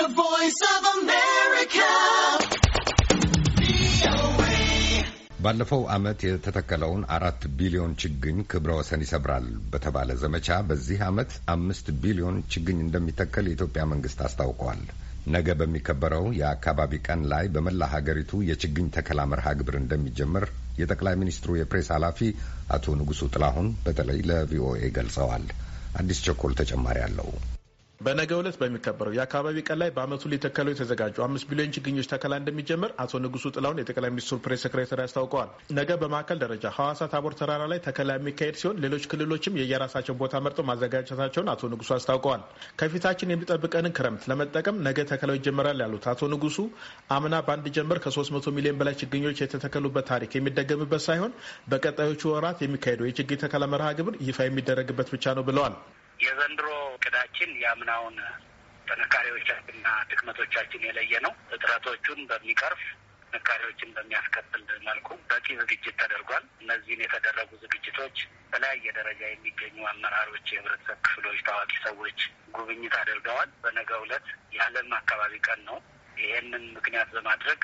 The Voice of America. ባለፈው ዓመት የተተከለውን አራት ቢሊዮን ችግኝ ክብረ ወሰን ይሰብራል በተባለ ዘመቻ በዚህ ዓመት አምስት ቢሊዮን ችግኝ እንደሚተከል የኢትዮጵያ መንግስት አስታውቀዋል። ነገ በሚከበረው የአካባቢ ቀን ላይ በመላ ሀገሪቱ የችግኝ ተከላ መርሃ ግብር እንደሚጀምር የጠቅላይ ሚኒስትሩ የፕሬስ ኃላፊ አቶ ንጉሱ ጥላሁን በተለይ ለቪኦኤ ገልጸዋል። አዲስ ቸኮል ተጨማሪ አለው። በነገ ዕለት በሚከበረው የአካባቢ ቀን ላይ በአመቱ ሊተከለው የተዘጋጁ አምስት ቢሊዮን ችግኞች ተከላ እንደሚጀምር አቶ ንጉሱ ጥላውን የጠቅላይ ሚኒስትሩ ፕሬስ ሴክሬታሪ አስታውቀዋል። ነገ በማዕከል ደረጃ ሐዋሳ ታቦር ተራራ ላይ ተከላ የሚካሄድ ሲሆን ሌሎች ክልሎችም የየራሳቸውን ቦታ መርጠው ማዘጋጀታቸውን አቶ ንጉሱ አስታውቀዋል። ከፊታችን የሚጠብቀንን ክረምት ለመጠቀም ነገ ተከላው ይጀምራል ያሉት አቶ ንጉሱ አምና በአንድ ጀምር ከ300 ሚሊዮን በላይ ችግኞች የተተከሉበት ታሪክ የሚደገምበት ሳይሆን በቀጣዮቹ ወራት የሚካሄደው የችግኝ ተከላ መርሃ ግብር ይፋ የሚደረግበት ብቻ ነው ብለዋል። የዘንድሮ እቅዳችን የአምናውን ጥንካሬዎቻችንና ድክመቶቻችን የለየ ነው። እጥረቶቹን በሚቀርፍ ጥንካሬዎችን በሚያስከትል መልኩ በቂ ዝግጅት ተደርጓል። እነዚህን የተደረጉ ዝግጅቶች በተለያየ ደረጃ የሚገኙ አመራሮች፣ የህብረተሰብ ክፍሎች፣ ታዋቂ ሰዎች ጉብኝት አድርገዋል። በነገው ዕለት የዓለም አካባቢ ቀን ነው። ይህንን ምክንያት በማድረግ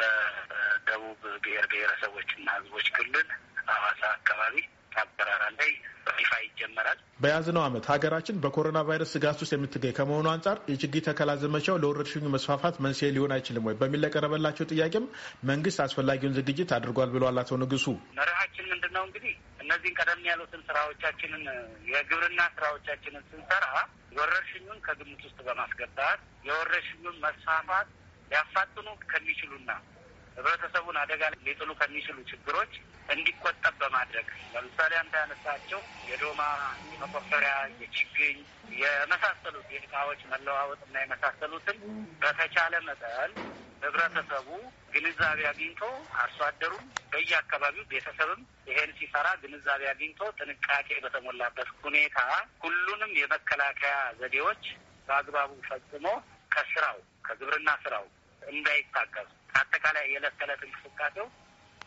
በደቡብ ብሔር ብሔረሰቦችና ህዝቦች ክልል አዋሳ አካባቢ አበራራ ላይ በይፋ ይጀመራል። በያዝነው ዓመት ሀገራችን በኮሮና ቫይረስ ስጋት ውስጥ የምትገኝ ከመሆኑ አንጻር የችግኝ ተከላ ዘመቻው ለወረርሽኙ መስፋፋት መንስኤ ሊሆን አይችልም ወይ በሚል ለቀረበላቸው ጥያቄም መንግስት አስፈላጊውን ዝግጅት አድርጓል ብለዋል አቶ ንጉሱ። መርሃችን ምንድን ነው እንግዲህ እነዚህን ቀደም ያሉትን ስራዎቻችንን የግብርና ስራዎቻችንን ስንሰራ ወረርሽኙን ከግምት ውስጥ በማስገባት የወረርሽኙን መስፋፋት ሊያፋጥኑ ከሚችሉና ህብረተሰቡን አደጋ ሊጥሉ ከሚችሉ ችግሮች እንዲቆጠብ በማድረግ ለምሳሌ አንተ ያነሳቸው የዶማ መቆፈሪያ፣ የችግኝ የመሳሰሉት የእቃዎች መለዋወጥና የመሳሰሉትን በተቻለ መጠን ህብረተሰቡ ግንዛቤ አግኝቶ አርሶ አደሩም በየአካባቢው ቤተሰብም ይሄን ሲሰራ ግንዛቤ አግኝቶ ጥንቃቄ በተሞላበት ሁኔታ ሁሉንም የመከላከያ ዘዴዎች በአግባቡ ፈጽሞ ከስራው ከግብርና ስራው እንዳይታቀሱ አጠቃላይ የዕለት ተዕለት እንቅስቃሴው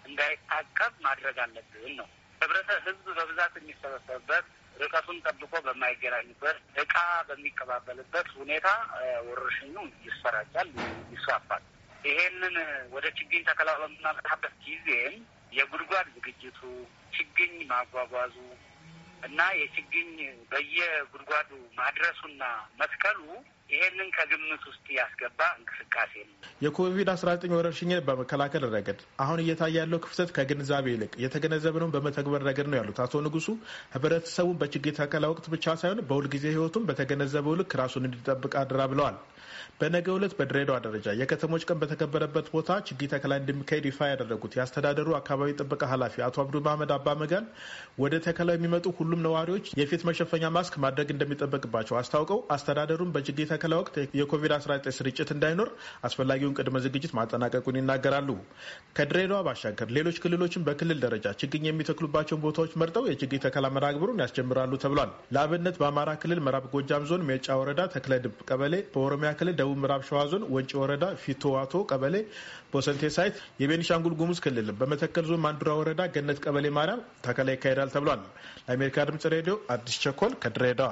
እንዳይታቀብ ማድረግ አለብን ነው። ህብረተ ህዝብ በብዛት የሚሰበሰብበት ርቀቱን ጠብቆ በማይገናኝበት እቃ በሚቀባበልበት ሁኔታ ወረርሽኙ ይሰራጫል፣ ይስፋፋል። ይሄንን ወደ ችግኝ ተከላ በምናመጣበት ጊዜም የጉድጓድ ዝግጅቱ፣ ችግኝ ማጓጓዙ እና የችግኝ በየጉድጓዱ ማድረሱና መትከሉ ይሄንን ከግምት ውስጥ ያስገባ እንቅስቃሴ ነው። የኮቪድ አስራ ዘጠኝ ወረርሽኝን በመከላከል ረገድ አሁን እየታየ ያለው ክፍተት ከግንዛቤ ይልቅ የተገነዘብነውን በመተግበር ረገድ ነው ያሉት አቶ ንጉሱ፣ ህብረተሰቡን በችግኝ ተከላ ወቅት ብቻ ሳይሆን በሁልጊዜ ህይወቱም በተገነዘበው ልክ ራሱን እንዲጠብቅ አድራ ብለዋል። በነገ ዕለት በድሬዳዋ ደረጃ የከተሞች ቀን በተከበረበት ቦታ ችግኝ ተከላ እንደሚካሄድ ይፋ ያደረጉት የአስተዳደሩ አካባቢ ጥበቃ ኃላፊ አቶ አብዱ መሀመድ አባመጋን ወደ ተከላው የሚመጡ ሁሉም ነዋሪዎች የፊት መሸፈኛ ማስክ ማድረግ እንደሚጠበቅባቸው አስታውቀው አስተዳደሩን በችግኝ ተከላ ወቅት የኮቪድ-19 ስርጭት እንዳይኖር አስፈላጊውን ቅድመ ዝግጅት ማጠናቀቁን ይናገራሉ። ከድሬዳዋ ባሻገር ሌሎች ክልሎችን በክልል ደረጃ ችግኝ የሚተክሉባቸውን ቦታዎች መርጠው የችግኝ ተከላ መራግብሩን ያስጀምራሉ ተብሏል። ለአብነት በአማራ ክልል ምዕራብ ጎጃም ዞን ሜጫ ወረዳ ተክለ ድብ ቀበሌ፣ በኦሮሚያ ክልል ደቡብ ምዕራብ ሸዋ ዞን ወንጭ ወረዳ ፊቶዋቶ ቀበሌ ቦሰንቴ ሳይት፣ የቤኒሻንጉል ጉሙዝ ክልል በመተከል ዞን ማንዱራ ወረዳ ገነት ቀበሌ ማርያም ተከላ ይካሄዳል ተብሏል። ለአሜሪካ ድምጽ ሬዲዮ አዲስ ቸኮል ከድሬዳዋ